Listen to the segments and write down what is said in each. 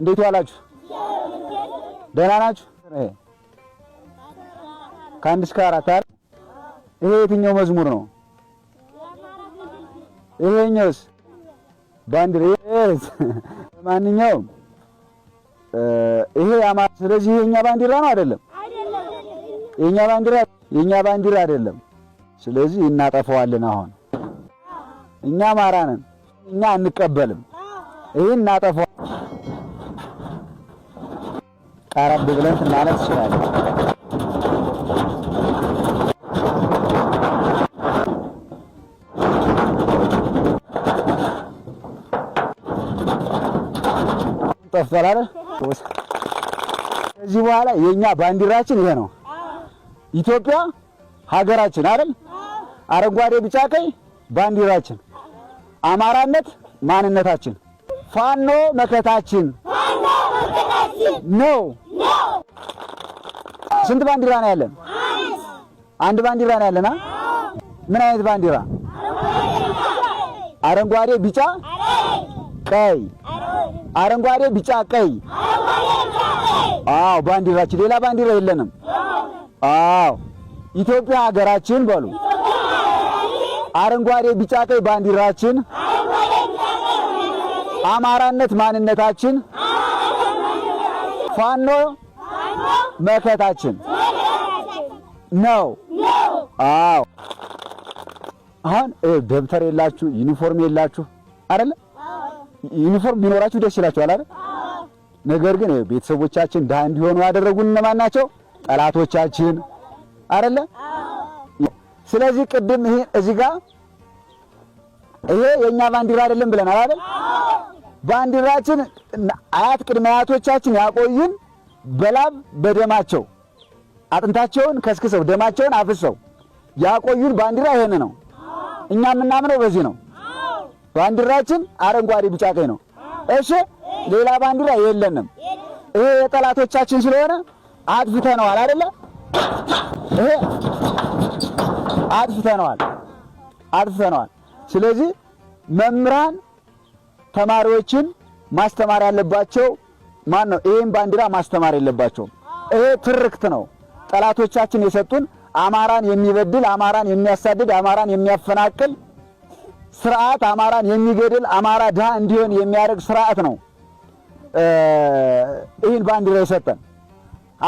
እንዴት ዋላችሁ? ደህና ናችሁ? ከአንድ እስከ አራት አይደል? ይሄ የትኛው መዝሙር ነው? ይሄኛውስ ባንዲራ። ማንኛውም ይሄ አማራ። ስለዚህ የኛ ባንዲራ ነው አይደለም? የኛ ባንዲራ የኛ ባንዲራ አይደለም። ስለዚህ እናጠፋዋለን። አሁን እኛ አማራ ነን። እኛ አንቀበልም። ይሄን እናጠፋዋለን። ቀረብ ብለን ማለት ይችላል። ጠፍቷል። ከዚህ በኋላ የኛ ባንዲራችን ይሄ ነው። ኢትዮጵያ ሀገራችን አይደል? አረንጓዴ፣ ቢጫ፣ ቀይ ባንዲራችን፣ አማራነት ማንነታችን፣ ፋኖ መከታችን ነው። ስንት ባንዲራ ነው ያለን? አንድ ባንዲራ ነው ያለና ምን አይነት ባንዲራ? አረንጓዴ፣ ቢጫ፣ ቀይ። አረንጓዴ፣ ቢጫ፣ ቀይ። አዎ ባንዲራችን። ሌላ ባንዲራ የለንም። አዎ ኢትዮጵያ ሀገራችን በሉ። አረንጓዴ፣ ቢጫ፣ ቀይ ባንዲራችን፣ አማራነት ማንነታችን፣ ፋኖ መከታችን ነው። አዎ አሁን ደብተር የላችሁ ዩኒፎርም የላችሁ አይደለ? ዩኒፎርም ቢኖራችሁ ደስ ይላችኋል አይደል? ነገር ግን ቤተሰቦቻችን ድሃ እንዲሆኑ ያደረጉን እነማን ናቸው? ጠላቶቻችን አይደለ? ስለዚህ ቅድም ይሄ እዚህ ጋር ይሄ የኛ ባንዲራ አይደለም ብለናል አይደል? ባንዲራችን አያት ቅድመ አያቶቻችን ያቆዩን በላብ በደማቸው አጥንታቸውን ከስክሰው ደማቸውን አፍሰው ያቆዩን ባንዲራ ይሄን ነው። እኛ የምናምነው በዚህ ነው። ባንዲራችን አረንጓዴ፣ ቢጫ፣ ቀይ ነው። እሺ ሌላ ባንዲራ የለንም። ይሄ የጠላቶቻችን ስለሆነ አጥፍተነዋል አይደለ? ይሄ አጥፍተነዋል አጥፍተነዋል። ስለዚህ መምህራን ተማሪዎችን ማስተማር ያለባቸው ማን ነው ይሄን ባንዲራ ማስተማር የለባቸውም። ይሄ ትርክት ነው ጠላቶቻችን የሰጡን አማራን የሚበድል አማራን የሚያሳድድ አማራን የሚያፈናቅል ስርዓት አማራን የሚገድል አማራ ድሃ እንዲሆን የሚያደርግ ስርዓት ነው። ይህን ባንዲራ የሰጠን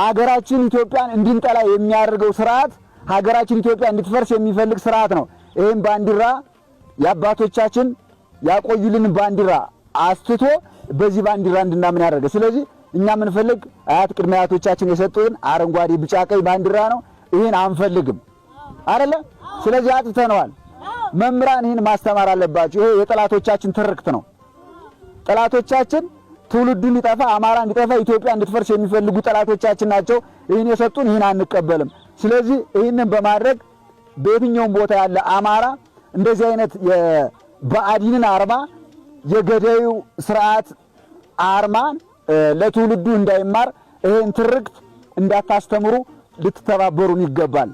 ሀገራችን ኢትዮጵያን እንድንጠላ የሚያደርገው ስርዓት ሀገራችን ኢትዮጵያ እንድትፈርስ የሚፈልግ ስርዓት ነው። ይህን ባንዲራ የአባቶቻችን ያቆዩልን ባንዲራ አስትቶ በዚህ ባንዲራ እንድናምን ያደረገ። ስለዚህ እኛ የምንፈልግ አያት ቅድመ አያቶቻችን የሰጡትን አረንጓዴ፣ ቢጫ፣ ቀይ ባንዲራ ነው። ይህን አንፈልግም አይደለ? ስለዚህ አጥተነዋል። መምህራን ይህን ማስተማር አለባቸው። ይሄ የጠላቶቻችን ትርክት ነው። ጠላቶቻችን ትውልዱ እንዲጠፋ፣ አማራ እንዲጠፋ፣ ኢትዮጵያ እንድትፈርስ የሚፈልጉ ጠላቶቻችን ናቸው። ይህን የሰጡን ይህን አንቀበልም። ስለዚህ ይህንን በማድረግ በየትኛውም ቦታ ያለ አማራ እንደዚህ አይነት የባዕዲንን አርማ የገዳዩ ስርዓት አርማ ለትውልዱ እንዳይማር ይሄን ትርክት እንዳታስተምሩ ልትተባበሩን ይገባል።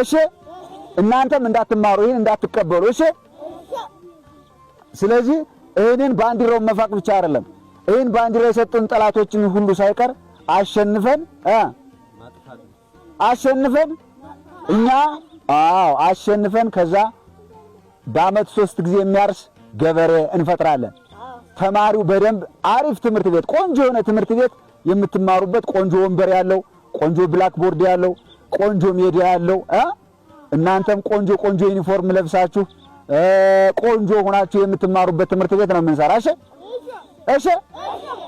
እሺ፣ እናንተም እንዳትማሩ ይህን እንዳትቀበሉ። እሺ። ስለዚህ ይህንን ባንዲራውን መፋቅ ብቻ አይደለም፣ ይህን ባንዲራ የሰጡን ጠላቶችን ሁሉ ሳይቀር አሸንፈን አሸንፈን እኛ አዎ አሸንፈን ከዛ በአመት ሶስት ጊዜ የሚያርስ ገበሬ እንፈጥራለን። ተማሪው በደንብ አሪፍ ትምህርት ቤት ቆንጆ የሆነ ትምህርት ቤት የምትማሩበት ቆንጆ ወንበር ያለው ቆንጆ ብላክ ቦርድ ያለው ቆንጆ ሜዳ ያለው እ እናንተም ቆንጆ ቆንጆ ዩኒፎርም ለብሳችሁ ቆንጆ ሆናችሁ የምትማሩበት ትምህርት ቤት ነው የምንሰራ። እሺ እሺ።